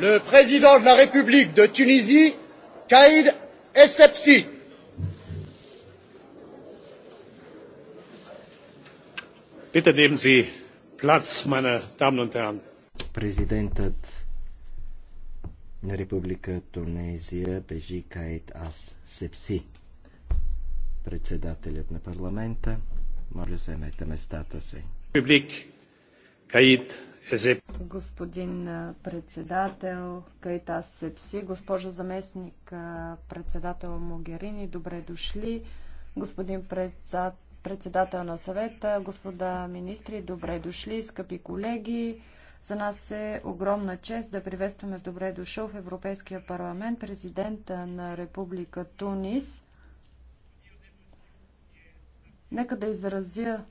le président de la République de Tunisie, Kaïd Essebsi. Bitte nehmen Sie Platz, meine Damen und Herren. Президентът на Република Тунезия Бежи Каид Ас Сепси. Председателят на парламента, моля, заемете местата си. Републик Каид Господин председател Кайтас Сепси, госпожо заместник председател Могерини, добре дошли. Господин председател на съвета, господа министри, добре дошли, скъпи колеги. За нас е огромна чест да приветстваме с добре дошъл в Европейския парламент президента на Република Тунис. Нека да изразя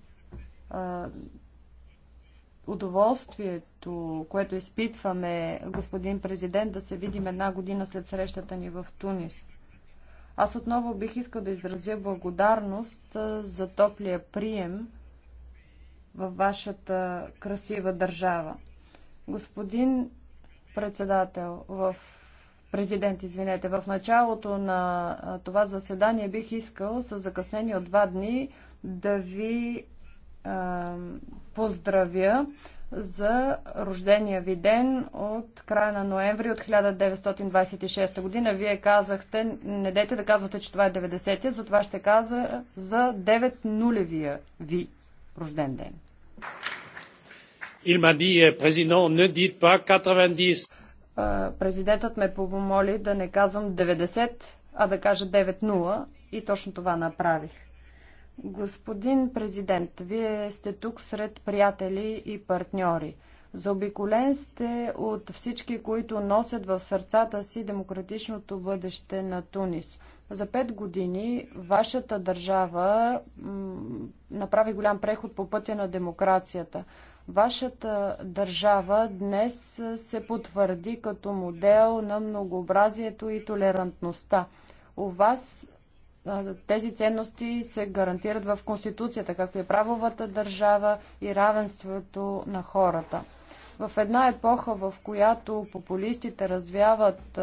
удоволствието, което изпитваме, господин президент, да се видим една година след срещата ни в Тунис. Аз отново бих искал да изразя благодарност за топлия прием във вашата красива държава. Господин председател, в президент, извинете, в началото на това заседание бих искал с закъснение от два дни да ви поздравя за рождения ви ден от края на ноември от 1926 година. Вие казахте, не дете да казвате, че това е 90-я, затова ще каза за 9 нулевия ви рожден ден. 90. «Е, президентът ме помоли да не казвам 90, а да кажа 9-0 и точно това направих. Господин президент, вие сте тук сред приятели и партньори. Заобиколен сте от всички, които носят в сърцата си демократичното бъдеще на Тунис. За пет години вашата държава направи голям преход по пътя на демокрацията. Вашата държава днес се потвърди като модел на многообразието и толерантността. У вас тези ценности се гарантират в Конституцията, както и правовата държава и равенството на хората. В една епоха, в която популистите развяват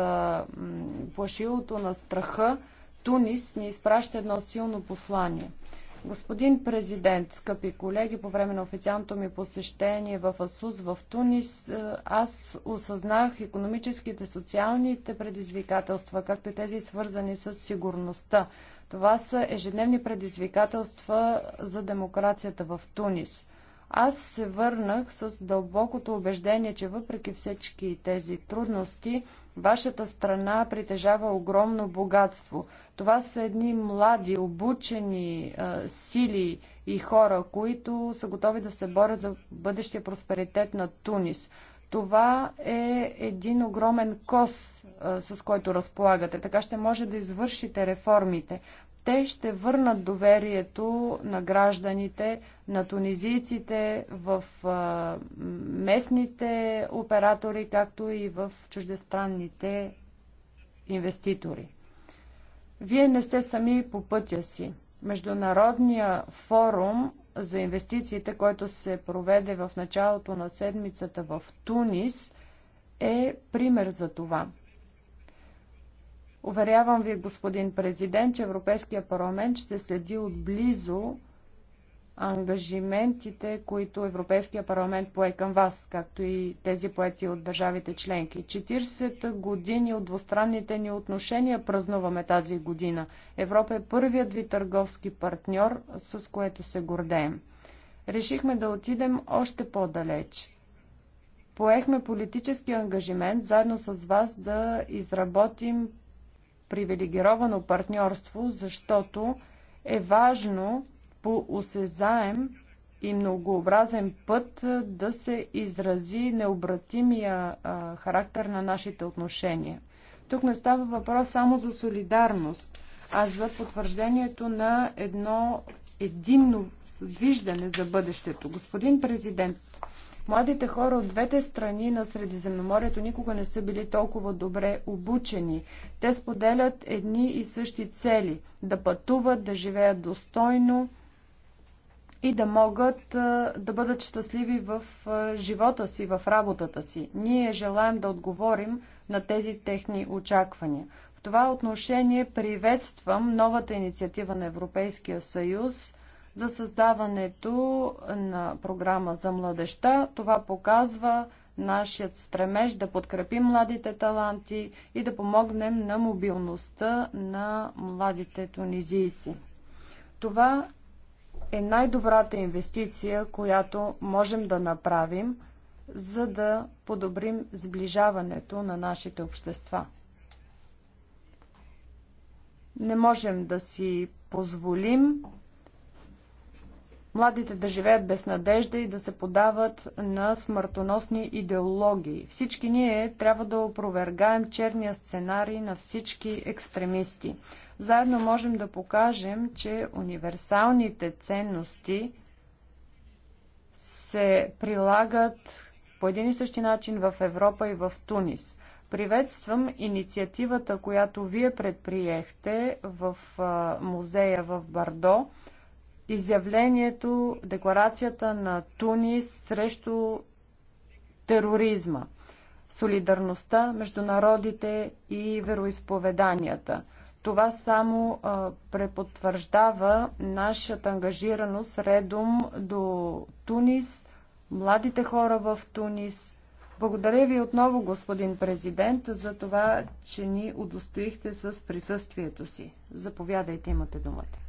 плашилото на страха, Тунис ни изпраща едно силно послание – Господин президент, скъпи колеги, по време на официалното ми посещение в Асус в Тунис, е, аз осъзнах економическите, социалните предизвикателства, както и тези свързани с сигурността. Това са ежедневни предизвикателства за демокрацията в Тунис. Аз се върнах с дълбокото убеждение, че въпреки всички тези трудности, вашата страна притежава огромно богатство. Това са едни млади, обучени а, сили и хора, които са готови да се борят за бъдещия просперитет на Тунис. Това е един огромен кос, а, с който разполагате. Така ще може да извършите реформите. Те ще върнат доверието на гражданите, на тунизийците, в местните оператори, както и в чуждестранните инвеститори. Вие не сте сами по пътя си. Международния форум за инвестициите, който се проведе в началото на седмицата в Тунис, е пример за това. Уверявам ви, господин президент, че Европейския парламент ще следи отблизо ангажиментите, които Европейския парламент пое към вас, както и тези поети от държавите членки. 40 години от двустранните ни отношения празнуваме тази година. Европа е първият ви търговски партньор, с което се гордеем. Решихме да отидем още по-далеч. Поехме политически ангажимент заедно с вас да изработим привилегировано партньорство, защото е важно по осезаем и многообразен път да се изрази необратимия характер на нашите отношения. Тук не става въпрос само за солидарност, а за потвърждението на едно единно виждане за бъдещето. Господин президент, Младите хора от двете страни на Средиземноморието никога не са били толкова добре обучени. Те споделят едни и същи цели да пътуват, да живеят достойно и да могат да бъдат щастливи в живота си, в работата си. Ние желаем да отговорим на тези техни очаквания. В това отношение приветствам новата инициатива на Европейския съюз за създаването на програма за младеща. Това показва нашият стремеж да подкрепим младите таланти и да помогнем на мобилността на младите тунизийци. Това е най-добрата инвестиция, която можем да направим, за да подобрим сближаването на нашите общества. Не можем да си позволим младите да живеят без надежда и да се подават на смъртоносни идеологии. Всички ние трябва да опровергаем черния сценарий на всички екстремисти. Заедно можем да покажем, че универсалните ценности се прилагат по един и същи начин в Европа и в Тунис. Приветствам инициативата, която вие предприехте в музея в Бардо изявлението, декларацията на Тунис срещу тероризма, солидарността между народите и вероисповеданията. Това само а, препотвърждава нашата ангажираност редом до Тунис, младите хора в Тунис. Благодаря ви отново, господин президент, за това, че ни удостоихте с присъствието си. Заповядайте, имате думата.